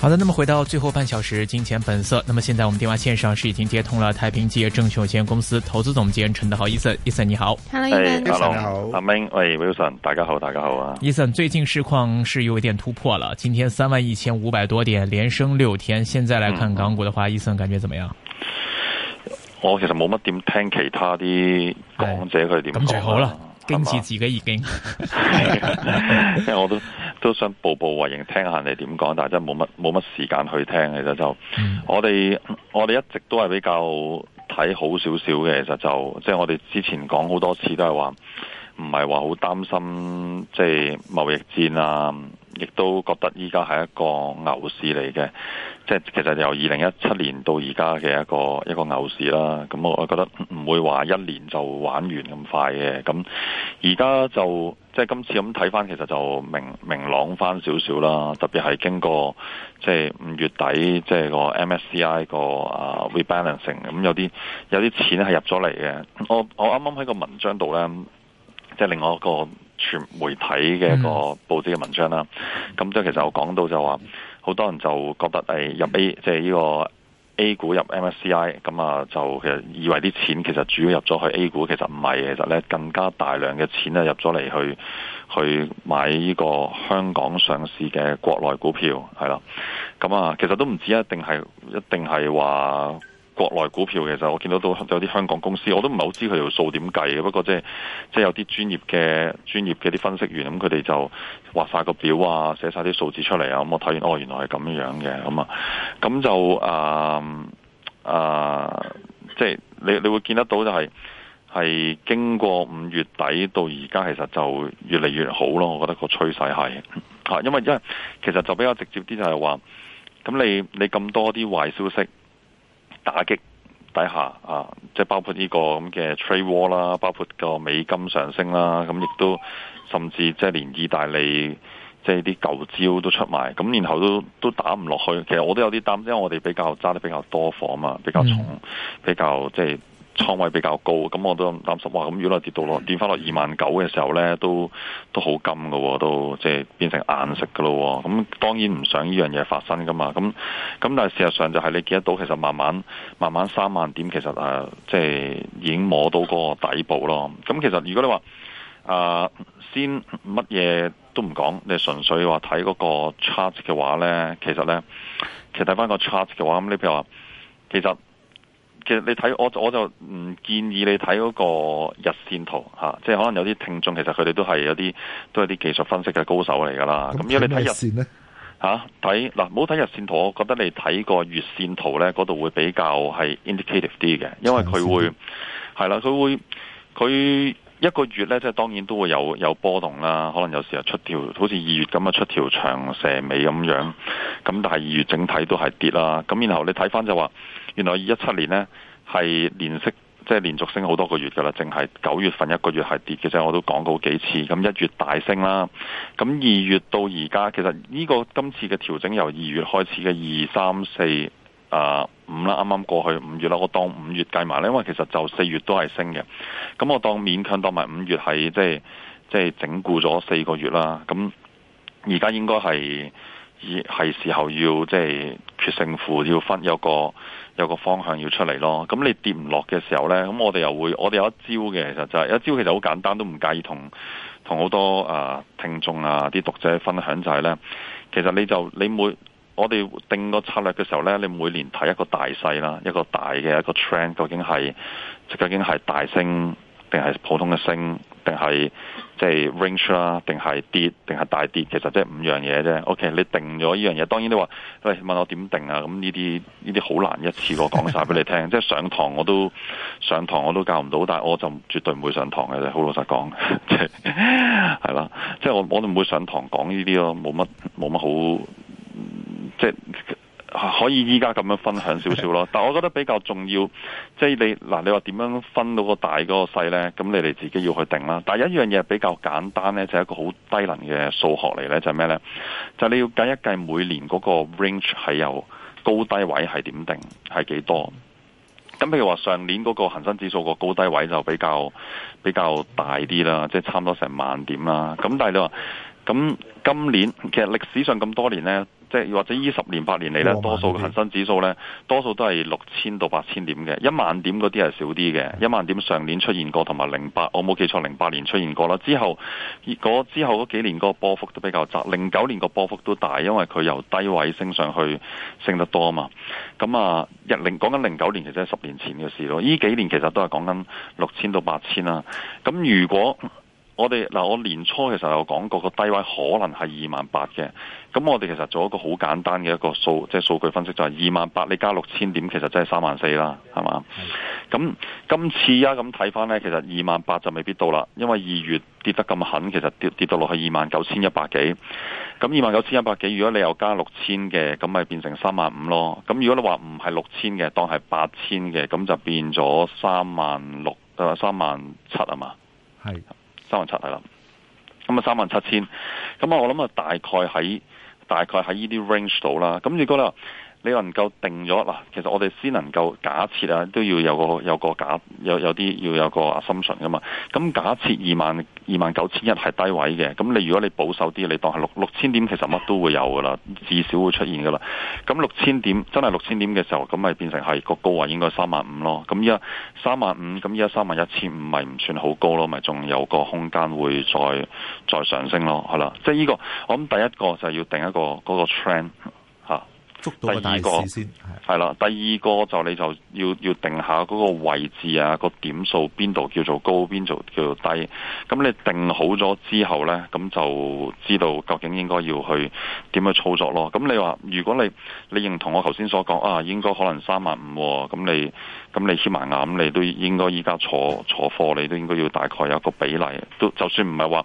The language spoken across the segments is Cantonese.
好的，那麼回到最後半小時，金錢本色。那麼現在我們電話線上是已經接通了太平基業證券有限公司投資總監陳德豪。Eason，Eason 你好。Hello，哈嘍，Hello，阿明，喂，Wilson，大家好，大家好啊。Eason，最近市況是有點突破了，今天三萬一千五百多點，連升六天。現在來看港股的話，Ea、嗯、son 感覺怎麼樣？我其實冇乜點聽其他啲講者佢點講啦、啊。咁就好啦，根據自己已經。因為我都。 都想步步為營，聽下人哋點講，但係真係冇乜冇乜時間去聽，其實就我哋我哋一直都係比較睇好少少嘅，其實就即係我哋之前講好多次都係話唔係話好擔心，即係貿易戰啊。亦都覺得依家係一個牛市嚟嘅，即係其實由二零一七年到而家嘅一個一個牛市啦。咁我覺得唔會話一年就玩完咁快嘅。咁而家就即係今次咁睇翻，其實就明明朗翻少少啦。特別係經過即係五月底，即係個 MSCI 個啊 rebalancing，咁有啲有啲錢係入咗嚟嘅。我我啱啱喺個文章度咧，即係另外一個，全媒體嘅一個報紙嘅文章啦，咁即係其實我講到就話，好多人就覺得誒入 A，即係呢個 A 股入 MSCI，咁啊就其實以為啲錢其實主要入咗去 A 股，其實唔係，其實咧更加大量嘅錢咧入咗嚟去去買呢個香港上市嘅國內股票，係啦，咁啊其實都唔止一定係一定係話。國內股票其實我見到都有啲香港公司，我都唔係好知佢條數點計嘅。不過即係即係有啲專業嘅專業嘅啲分析員，咁佢哋就畫晒個表啊，寫晒啲數字出嚟啊。咁、嗯、我睇完，哦，原來係咁樣嘅。咁、嗯、啊，咁就啊啊，即、就、係、是、你你會見得到就係、是、係經過五月底到而家，其實就越嚟越好咯。我覺得個趨勢係係，因為因為其實就比較直接啲就係話，咁你你咁多啲壞消息。打擊底下啊，即係包括呢個咁嘅 trade war 啦，包括個美金上升啦，咁、啊、亦都甚至即係連意大利，即係啲舊招都出埋，咁然後都都打唔落去。其實我都有啲擔，因為我哋比較揸得比較多貨啊嘛，比較重，比較即係。倉位比較高，咁我都擔心話，咁如果跌到落跌翻落二萬九嘅時候咧，都都好金嘅，都，都即係變成銀色嘅咯。咁當然唔想呢樣嘢發生嘅嘛。咁咁但係事實上就係你見得到，其實慢慢慢慢三萬點其實誒、啊，即係已經摸到個底部咯。咁其實如果你話誒、呃、先乜嘢都唔講，你純粹話睇嗰個 chart 嘅話咧，其實咧，其實睇翻個 chart 嘅話，咁你譬如話其實。其實你睇我我就唔建議你睇嗰個日線圖吓、啊，即係可能有啲聽眾其實佢哋都係有啲都有啲技術分析嘅高手嚟噶啦。咁、嗯、如果你睇日線呢，吓睇嗱唔好睇日線圖，我覺得你睇個月線圖呢，嗰度會比較係 indicative 啲嘅，因為佢會係啦，佢的會佢一個月呢，即係當然都會有有波動啦。可能有時候出條好似二月咁啊，出條長蛇尾咁樣。咁但係二月整體都係跌啦。咁然後你睇翻就話。原來一七年呢係連升，即係、就是、連續升好多個月噶啦，淨係九月份一個月係跌嘅啫。我都講過好幾次，咁一月大升啦，咁二月到而家，其實呢、這個今次嘅調整由二月開始嘅二三四啊五啦，啱啱過去五月啦，我當五月計埋呢，因為其實就四月都係升嘅，咁我當勉強當埋五月係即係即係整固咗四個月啦。咁而家應該係係時候要即係、就是、決勝負，要分有個。有個方向要出嚟咯，咁你跌唔落嘅時候咧，咁我哋又會，我哋有一招嘅，其實就係一招其實好簡單都唔介意同同好多啊、呃、聽眾啊啲讀者分享就係、是、咧，其實你就你每我哋定個策略嘅時候咧，你每年睇一個大勢啦，一個大嘅一個 trend 究竟係即究竟係大升定係普通嘅升？定係即係 range 啦，定係跌，定係大跌，其實即係五樣嘢啫。OK，你定咗呢樣嘢，當然你話喂、哎、問我點定啊？咁呢啲呢啲好難一次過講晒俾你聽。 即係上堂我都上堂我都教唔到，但係我就絕對唔會上堂嘅。好老實講，即係係啦，即係我我都唔會上堂講呢啲咯，冇乜冇乜好，嗯、即係。可以依家咁樣分享少少咯，但係我覺得比較重要，即係你嗱，你話點樣分到個大嗰個細咧？咁你哋自己要去定啦。但係一樣嘢比較簡單呢，就係一個好低能嘅數學嚟呢，就係咩呢？就係你要計一計每年嗰個 range 係有高低位係點定，係幾多？咁譬如話上年嗰個恆生指數個高低位就比較比較大啲啦，即係差唔多成萬點啦。咁但係你話咁今年其實歷史上咁多年呢。即係或者依十年八年嚟咧，多數恆生指數咧，多數都係六千到八千點嘅，一萬點嗰啲係少啲嘅。一萬點上年出現過，同埋零八，我冇記錯，零八年出現過啦。之後，嗰之後嗰幾年個波幅都比較窄。零九年個波幅都大，因為佢由低位升上去，升得多啊嘛。咁啊，一零講緊零九年其實係十年前嘅事咯。呢幾年其實都係講緊六千到八千啦，啊。咁如果我哋嗱，我年初嘅時候有講過個低位可能係二萬八嘅。咁我哋其實做一個好簡單嘅一個數，即係數據分析就係二萬八，你加六千點，其實真係三萬四啦，係嘛？咁是的 今次啊，咁睇翻呢，其實二萬八就未必到啦，因為二月跌得咁狠，其實跌跌到落係二萬九千一百幾。咁二萬九千一百幾，如果你又加六千嘅，咁咪變成三萬五咯？咁如果你話唔係六千嘅，當係八千嘅，咁就變咗三萬六誒，三萬七啊嘛？係。三萬七係啦，咁啊三萬七千，咁啊我諗啊大概喺大概喺呢啲 range 度啦，咁如果咧。你能夠定咗嗱，其實我哋先能夠假設啊，都要有個有個假有有啲要有個 assumption 噶嘛。咁假設二萬二萬九千一係低位嘅，咁你如果你保守啲，你當係六六千點，其實乜都會有噶啦，至少會出現噶啦。咁六千點真係六千點嘅時候，咁咪變成係個高位應該三萬五咯。咁依家三萬五，咁依家三萬一千五咪唔算好高咯，咪仲有個空間會再再上升咯，係啦。即係呢個，我諗第一個就係要定一個嗰個 trend 第二個係啦，第二個就你就要要定下嗰個位置啊，個點數邊度叫做高，邊度叫做低。咁你定好咗之後呢，咁就知道究竟應該要去點去操作咯。咁你話如果你你認同我頭先所講啊，應該可能三萬五喎，咁你咁你黐埋眼，你都應該依家坐坐貨，你都應該要大概有一個比例，都就算唔係話。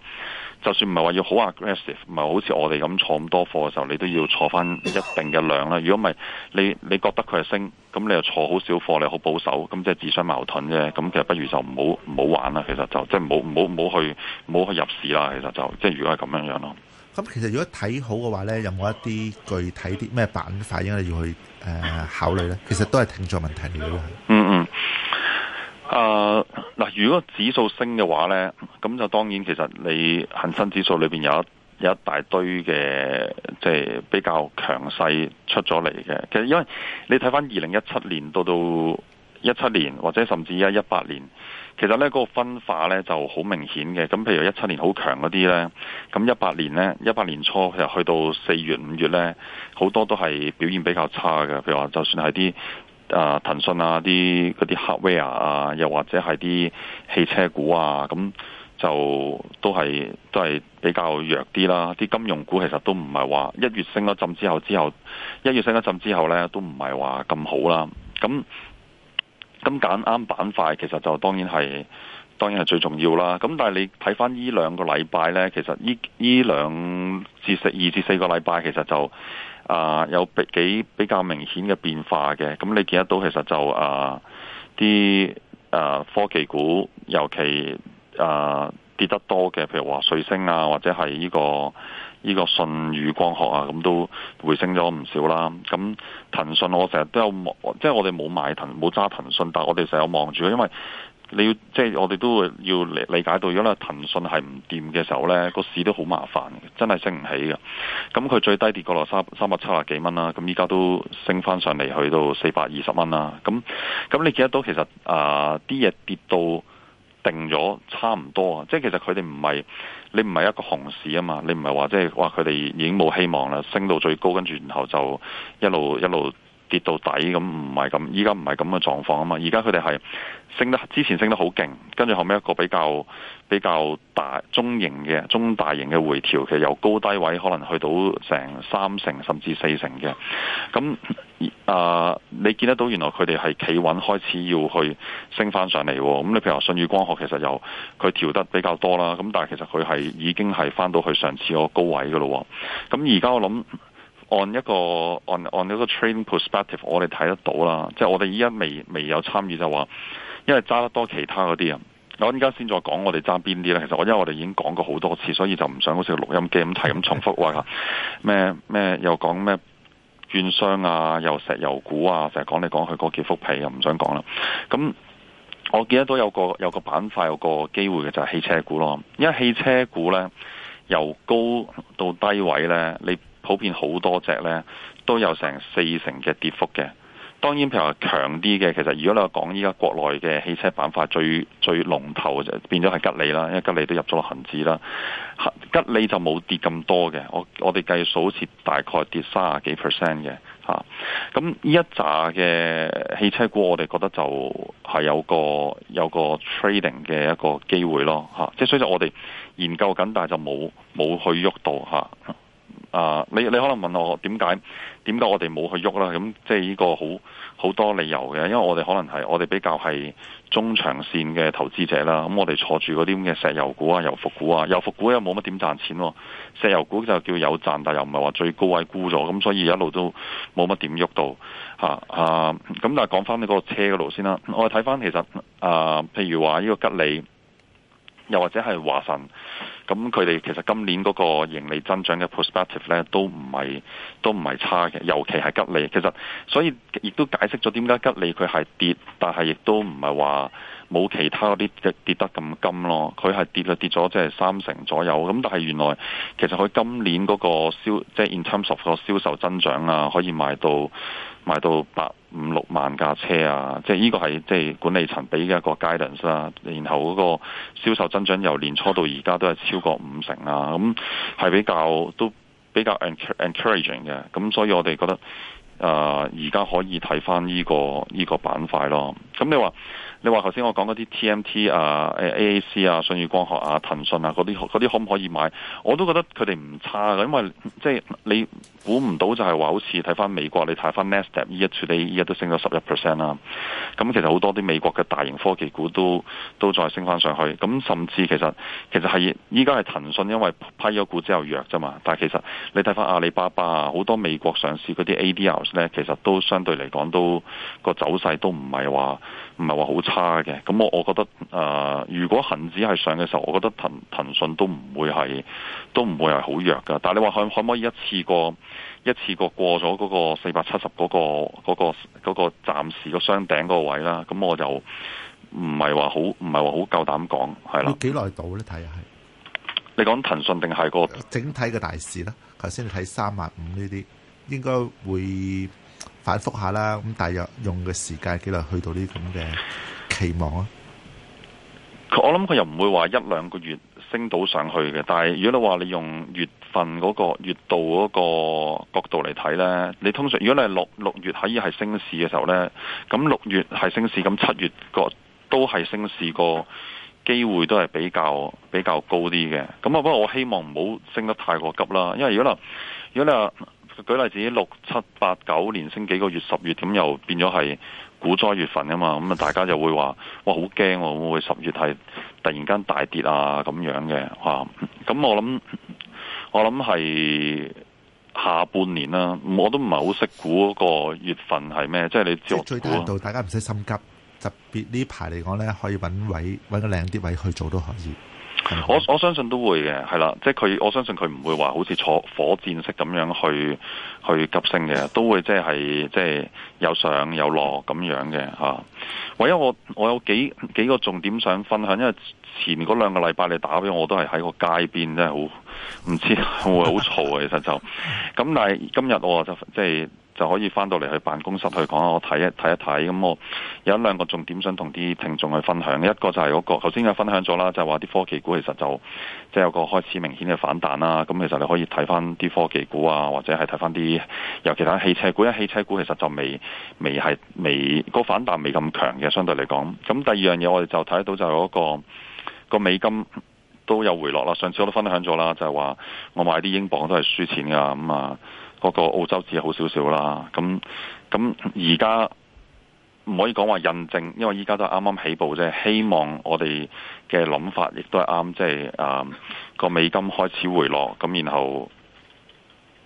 就算唔係話要 ag ive，好 aggressive，唔係好似我哋咁坐咁多貨嘅時候，你都要坐翻一定嘅量啦。如果唔係，你你覺得佢係升，咁你又坐好少貨，你好保守，咁即係自相矛盾啫。咁其實不如就唔好唔好玩啦。其實就即係唔好唔好唔好去唔好去入市啦。其實就即係如果係咁樣樣咯。咁其實如果睇好嘅話呢，有冇一啲具體啲咩辦法應該要去誒、呃、考慮呢？其實都係停滯問題嚟嘅。嗯嗯。啊、呃。如果指數升嘅話呢，咁就當然其實你恒生指數裏邊有一有一大堆嘅即係比較強勢出咗嚟嘅。其實因為你睇翻二零一七年到到一七年，或者甚至依一八年，其實呢嗰個分化呢就好明顯嘅。咁譬如一七年好強嗰啲呢，咁一八年呢，一八年初其實去到四月五月呢，好多都係表現比較差嘅。譬如話，就算係啲啊，騰訊啊，啲嗰啲 hardware 啊，又或者係啲汽車股啊，咁就都係都係比較弱啲啦。啲金融股其實都唔係話一月升咗浸之，之後，之後一月升咗浸之後呢，都唔係話咁好啦。咁咁揀啱板塊，其實就當然係當然係最重要啦。咁但係你睇翻呢兩個禮拜呢，其實呢呢兩至四二至四個禮拜，其實就。啊、呃，有比幾比較明顯嘅變化嘅，咁你見得到其實就啊啲啊科技股，尤其啊、呃、跌得多嘅，譬如話瑞星啊，或者係呢、呢個依、呢個舜宇光學啊，咁都回升咗唔少啦。咁騰訊，我成日都有望，即係我哋冇買騰，冇揸騰訊，但係我哋成日望住，因為。你要即係我哋都會要理理解到，如果咧，騰訊係唔掂嘅時候咧，個市都好麻煩，真係升唔起嘅。咁、嗯、佢最低跌過落三三百七十幾蚊啦，咁依家都升翻上嚟去到四百二十蚊啦。咁、嗯、咁、嗯、你記得到其實啊啲嘢跌到定咗差唔多啊，即係其實佢哋唔係你唔係一個熊市啊嘛，你唔係話即係話佢哋已經冇希望啦，升到最高跟住然後就一路一路。跌到底咁唔係咁，依家唔係咁嘅狀況啊嘛。而家佢哋係升得之前升得好勁，跟住後尾一個比較比較大中型嘅中大型嘅回調，其實由高低位可能去到成三成甚至四成嘅。咁啊、呃，你見得到原來佢哋係企穩開始要去升翻上嚟。咁你譬如話信宇光學，其實又佢調得比較多啦。咁但係其實佢係已經係翻到去上次嗰個高位嘅咯。咁而家我諗。按一個按按一個 training perspective，我哋睇得到啦。即係我哋依家未未有參與就話，因為揸得多其他嗰啲啊。我依家先再講我哋揸邊啲咧。其實我因為我哋已經講過好多次，所以就唔想好似錄音機咁提咁重複話咩咩又講咩券商啊，又石油股啊，成日講嚟講去嗰幾副皮又唔想講啦。咁我記得有個有個板塊有個機會嘅就係、是、汽車股咯。因為汽車股咧由高到低位咧，你。普遍好多隻咧都有成四成嘅跌幅嘅。當然譬如話強啲嘅，其實如果你話講依家國內嘅汽車板塊最最龍頭就變咗係吉利啦，因為吉利都入咗個恆指啦。吉利就冇跌咁多嘅，我我哋計數好似大概跌三十幾 percent 嘅嚇。咁呢、啊、一紮嘅汽車股，我哋覺得就係有個有個 trading 嘅一個機會咯嚇、啊。即係所以我哋研究緊，但係就冇冇去喐到嚇。啊啊！Uh, 你你可能問我點解點解我哋冇去喐啦？咁即係呢個好好多理由嘅，因為我哋可能係我哋比較係中長線嘅投資者啦。咁我哋坐住嗰啲咁嘅石油股啊、油服股啊、油服股又冇乜點賺錢喎、啊。石油股就叫有賺，但又唔係話最高位沽咗，咁所以一路都冇乜點喐到吓啊。咁、啊、但係講翻你個車嗰度先啦。我哋睇翻其實啊，譬如話呢個吉利。又或者係華晨，咁佢哋其實今年嗰個盈利增長嘅 perspective 咧，都唔係都唔係差嘅，尤其係吉利。其實所以亦都解釋咗點解吉利佢係跌，但係亦都唔係話冇其他嗰啲跌得咁甘咯。佢係跌，跌就跌咗即係三成左右。咁但係原來其實佢今年嗰個銷即係 in terms 個銷售增長啊，可以賣到賣到百五六萬架車啊，即係呢個係即係管理層俾嘅一個 guidance 啦、啊。然後嗰個銷售增長由年初到而家都係超過五成啊，咁、嗯、係比較都比較 encouraging 嘅。咁、嗯、所以我哋覺得啊，而、呃、家可以睇翻呢個呢、這個板塊咯。咁你話，你話頭先我講嗰啲 TMT 啊、誒 AAC 啊、信譽光學啊、騰訊啊嗰啲啲可唔可以買？我都覺得佢哋唔差嘅，因為即係、就是、你估唔到就係、是、話好似睇翻美國，你睇翻 Nestep 依一處，理，依家都升咗十一 percent 啦。咁、啊、其實好多啲美國嘅大型科技股都都再升翻上去。咁甚至其實其實係依家係騰訊，因為批咗股之後弱啫嘛。但係其實你睇翻阿里巴巴啊，好多美國上市嗰啲 ADRs 咧，其實都相對嚟講都，都個走勢都唔係話。唔係話好差嘅，咁我我覺得，誒、呃，如果恒指係上嘅時候，我覺得騰騰訊都唔會係，都唔會係好弱噶。但係你話可可唔可以一次過，一次過過咗嗰個四百七十嗰個，嗰、嗰個嗰、嗰個嗰個暫時個箱頂個位啦？咁我就唔係話好，唔係話好夠膽講，係啦。要幾耐度咧？睇下係，你講騰訊定係、嗰個整體嘅大市啦，頭先你睇三萬五呢啲，應該會。反覆下啦，咁大約用嘅時間幾耐去到呢啲咁嘅期望啊？我諗佢又唔會話一兩個月升到上去嘅，但係如果你話你用月份嗰個月度嗰個角度嚟睇呢，你通常如果你係六六月可以係升市嘅時候呢，咁六月係升市，咁七月個都係升市個機會都係比較比較高啲嘅。咁啊，不過我希望唔好升得太過急啦，因為如果啦，如果你話。舉例子，六、七、八、九年升幾個月，十月咁又變咗係股災月份啊嘛，咁啊大家就會話：哇，好驚，會唔會十月係突然間大跌啊？咁樣嘅吓，咁、啊、我諗，我諗係下半年啦。我都唔係好識估個月份係咩，即係你知我最最大度，我大家唔使心急，特別呢排嚟講咧，可以揾位，揾個靚啲位去做都可以。我我相信都會嘅，係啦，即係佢我相信佢唔會話好似坐火箭式咁樣去去急升嘅，都會即係即係有上有落咁樣嘅吓啊。唯一我我有幾幾個重點想分享，因為前嗰兩個禮拜你打俾我都係喺個街邊，真係好唔知會好嘈啊，其實就咁。但係今日我就即係。就可以翻到嚟去辦公室去講，我睇一睇一睇，咁、嗯、我有一兩個重點想同啲聽眾去分享。一個就係嗰、那個頭先有分享咗啦，就係話啲科技股其實就即係、就是、有個開始明顯嘅反彈啦。咁、嗯、其實你可以睇翻啲科技股啊，或者係睇翻啲尤其係汽車股，因為汽車股其實就未未係未個反彈未咁強嘅，相對嚟講。咁、嗯、第二樣嘢我哋就睇到就係嗰、那個個美金都有回落啦。上次我都分享咗啦，就係、是、話我買啲英鎊都係輸錢噶咁啊。嗯嗯嗰個澳洲只好少少啦，咁咁而家唔可以講話印證，因為依家都係啱啱起步啫。希望我哋嘅諗法亦都係啱，即係誒個美金開始回落，咁然後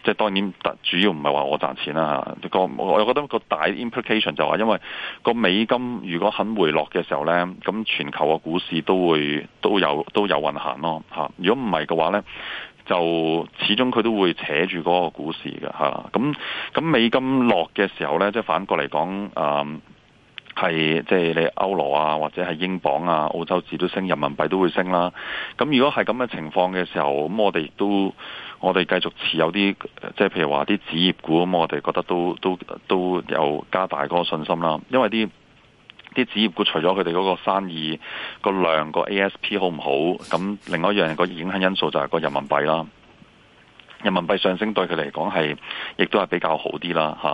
即係當然，主要唔係話我賺錢啦嚇。我又覺得個大 implication 就話，因為個美金如果肯回落嘅時候呢，咁全球嘅股市都會都有都有運行咯嚇。如果唔係嘅話呢，就始終佢都會扯住嗰個股市嘅吓，咁咁美金落嘅時候呢，即係反過嚟講，誒係即係你歐羅啊，或者係英鎊啊、澳洲紙都升，人民幣都會升啦。咁如果係咁嘅情況嘅時候，咁我哋都我哋繼續持有啲，即係譬如話啲紙業股咁，我哋覺得都都都有加大嗰個信心啦，因為啲。啲紙業股除咗佢哋嗰個生意、個量、個 A S P 好唔好，咁另外一樣個影響因素就係個人民幣啦。人民幣上升對佢嚟講係，亦都係比較好啲啦嚇。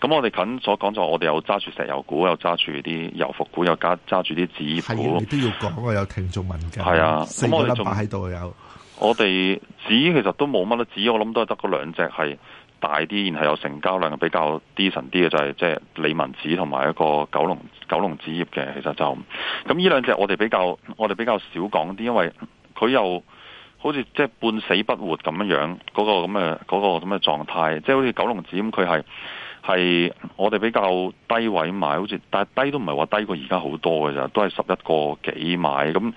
咁、啊、我哋近所講咗，我哋有揸住石油股，有揸住啲油服股，又加揸住啲紙業股，都要講啊！有聽眾問嘅，係啊，四粒板喺度有。我哋 紙其實都冇乜得紙，我諗都係得嗰兩隻係。大啲，然後有成交量比較 decent 啲嘅，就係即係李文子同埋一個九龍九龍紙業嘅，其實就咁呢兩隻，我哋比較我哋比較少講啲，因為佢又好似即係半死不活咁樣樣，嗰、嗰個咁嘅嗰咁嘅狀態，即、那、係、個嗰個嗰個即係、好似九龍紙咁，佢係係我哋比較低位買，好似但係低都唔係話低過而家好多嘅咋，都係十一個幾買，咁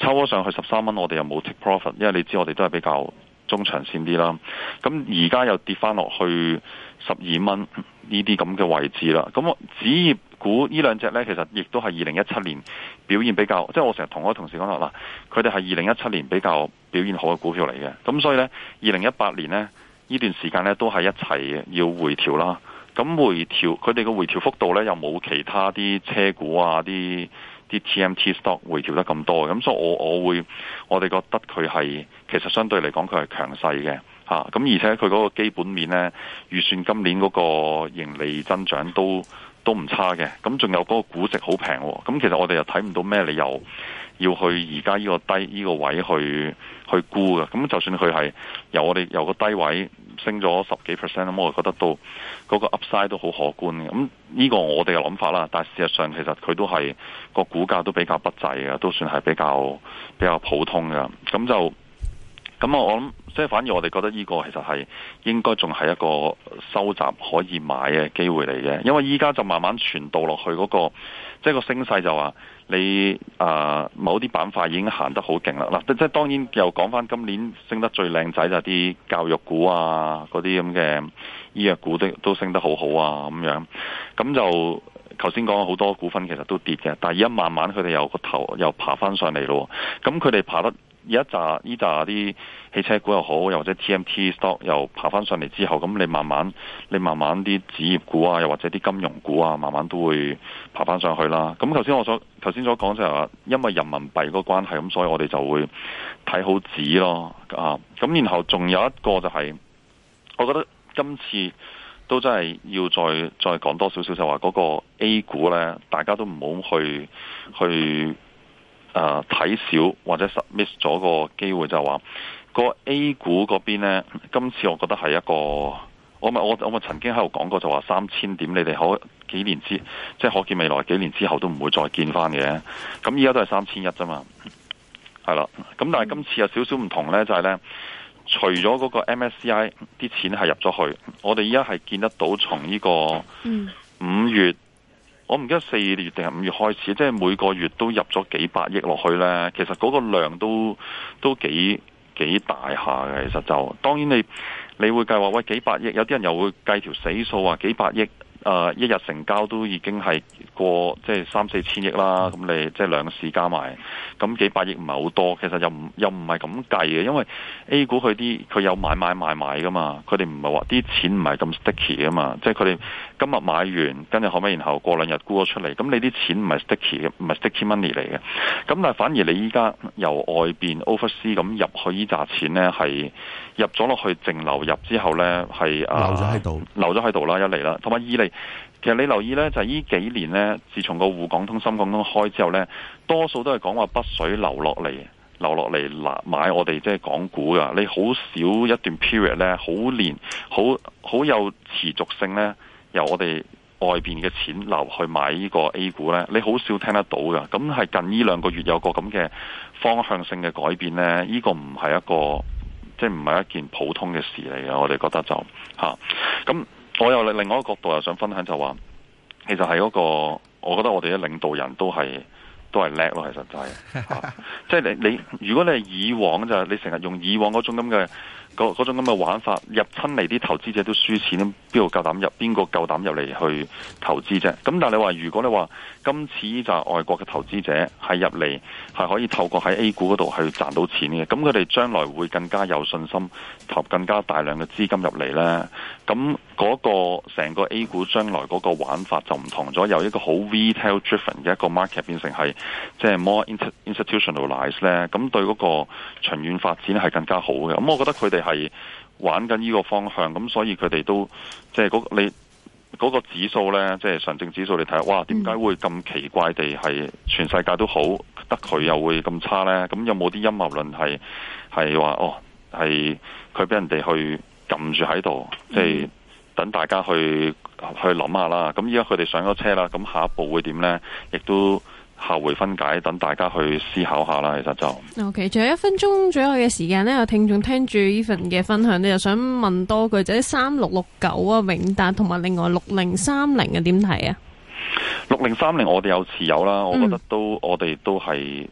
抽咗上去十三蚊，我哋又冇 take profit，因為你知我哋都係比較。中長線啲啦，咁而家又跌翻落去十二蚊呢啲咁嘅位置啦。咁我紙業股呢兩隻呢，其實亦都係二零一七年表現比較，即係我成日同我同事講話啦，佢哋係二零一七年比較表現好嘅股票嚟嘅。咁所以呢，二零一八年呢，呢段時間呢，都係一齊要回調啦。咁回調佢哋嘅回調幅度呢，又冇其他啲車股啊啲啲 TMT stock 回調得咁多。咁所以我我會我哋覺得佢係。其實相對嚟講佢係強勢嘅，吓、啊、咁而且佢嗰個基本面呢，預算今年嗰個盈利增長都都唔差嘅。咁仲有嗰個估值，好平，咁、嗯、其實我哋又睇唔到咩理由要去而家呢個低呢、呢個位去去沽嘅。咁、嗯、就算佢係由我哋由個低位升咗十幾 percent，咁我覺得都嗰個 upside 都好可觀嘅。咁、嗯、呢、呢個我哋嘅諗法啦，但事實上其實佢都係個股價都比較不濟嘅，都算係比較比較普通嘅。咁、嗯、就。咁、嗯、我諗，即係反而我哋覺得呢個其實係應該仲係一個收集可以買嘅機會嚟嘅，因為依家就慢慢傳導落去嗰、那個，即、就、係、是、個升勢就話你啊、呃、某啲板塊已經行得好勁啦。嗱、呃，即係當然又講翻今年升得最靚仔就係啲教育股啊，嗰啲咁嘅醫藥股都都升得好好啊咁樣。咁就頭先講好多股份其實都跌嘅，但係而家慢慢佢哋又個頭又爬翻上嚟咯。咁佢哋爬得。而家扎依扎啲汽車股又好，又或者 TMT stock 又爬翻上嚟之後，咁你慢慢你慢慢啲紙業股啊，又或者啲金融股啊，慢慢都會爬翻上去啦。咁頭先我所頭先所講就係話，因為人民幣嗰個關係，咁所以我哋就會睇好紙咯。啊，咁然後仲有一個就係、是，我覺得今次都真係要再再講多少少，就話嗰個 A 股呢，大家都唔好去去。去誒，睇少、呃、或者 miss 咗個機會就話，個 A 股嗰邊呢。今次我覺得係一個，我咪我我曾經喺度講過就話三千點，你哋可幾年之，即係可見未來幾年之後都唔會再見翻嘅。咁依家都係三千一啫嘛，係啦。咁但係今次有少少唔同呢，就係、是、呢除咗嗰個 MSCI 啲錢係入咗去，我哋依家係見得到從呢個五月。.我唔記得四月定係五月開始，即係每個月都入咗幾百億落去呢。其實嗰個量都都幾幾大下嘅。其實就當然你你會計話，喂，幾百億，有啲人又會計條死數啊，幾百億。誒、呃、一日成交都已經係過即係三四千億啦，咁你即係兩市加埋，咁幾百億唔係好多。其實又唔又唔係咁計嘅，因為 A 股佢啲佢有買買賣賣㗎嘛，佢哋唔係話啲錢唔係咁 sticky 㗎嘛。即係佢哋今日買完，跟住後尾然後過兩日沽咗出嚟，咁你啲錢唔係 sticky 嘅，唔係 sticky money 嚟嘅。咁但係反而你依家由外邊 oversea 咁入去依紮錢咧，係入咗落去淨流入之後咧係、啊、留咗喺度，留咗喺度啦一嚟啦，同埋二嚟。其實你留意呢，就係呢幾年呢，自從個滬港通、深港通開之後呢，多數都係講話北水流落嚟，流落嚟買我哋即係港股噶你好少一段 period 呢，好連好好有持續性呢，由我哋外邊嘅錢流去買呢個 A 股呢，你好少聽得到噶咁係近呢兩個月有個咁嘅方向性嘅改變呢，呢個唔係一個即係唔係一件普通嘅事嚟嘅。我哋覺得就吓咁。啊我又另外一個角度又想分享就話，其實係嗰個，我覺得我哋嘅領導人都係都係叻咯，其實就係 啊。即係你你，如果你係以往就係你成日用以往嗰種咁嘅嗰咁嘅玩法入親嚟，啲投資者都輸錢，邊度夠膽入？邊個夠膽入嚟去投資啫？咁但係你話，如果你話今次就係外國嘅投資者係入嚟，係可以透過喺 A 股嗰度去賺到錢嘅，咁佢哋將來會更加有信心投更加大量嘅資金入嚟呢。咁。嗰個成個 A 股將來嗰個玩法就唔同咗，由一個好 retail driven 嘅一個 market 變成係即係 more institutionalized 咧。咁對嗰個長遠發展係更加好嘅。咁我覺得佢哋係玩緊呢個方向，咁所以佢哋都即係、就是那個、你嗰、嗰個指數咧，即、就、係、是、上證指數你睇下，哇！點解會咁奇怪地係全世界都好，得佢又會咁差咧？咁有冇啲陰謀論係係話哦，係佢俾人哋去撳住喺度，即、就、係、是？等大家去去諗下啦，咁依家佢哋上咗車啦，咁下一步會點呢？亦都下回分解，等大家去思考下啦。其實就 O K，仲有一分鐘左右嘅時間呢。有聽眾聽住 Evan 嘅分享呢，又想問多句，就係三六六九啊，永達同埋另外六零三零又點睇啊？六零三零我哋有持有啦，我覺得都、嗯、我哋都係。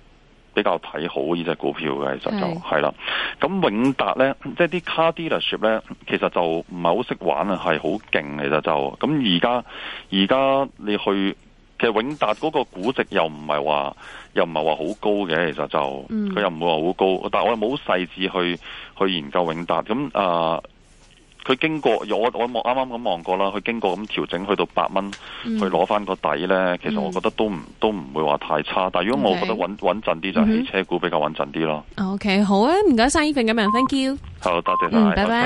比較睇好呢隻股票嘅，其實就係啦。咁是永達呢，即係啲 car dealership 咧，其實就唔係好識玩啊，係好勁其實就。咁而家而家你去，其實永達嗰個估值又唔係話又唔係話好高嘅，其實就佢又唔會話好高。但係我又冇細緻去去研究永達咁啊。佢經過我我望啱啱咁望過啦，佢經過咁調整去到八蚊，嗯、去攞翻個底咧，其實我覺得都唔、嗯、都唔會話太差。但係如果我覺得穩穩陣啲，就係汽車股比較穩陣啲咯。OK，好啊，唔該晒 Evan 咁樣，thank you, Hello, thank you.、Mm,。好、okay,，多謝晒。拜拜。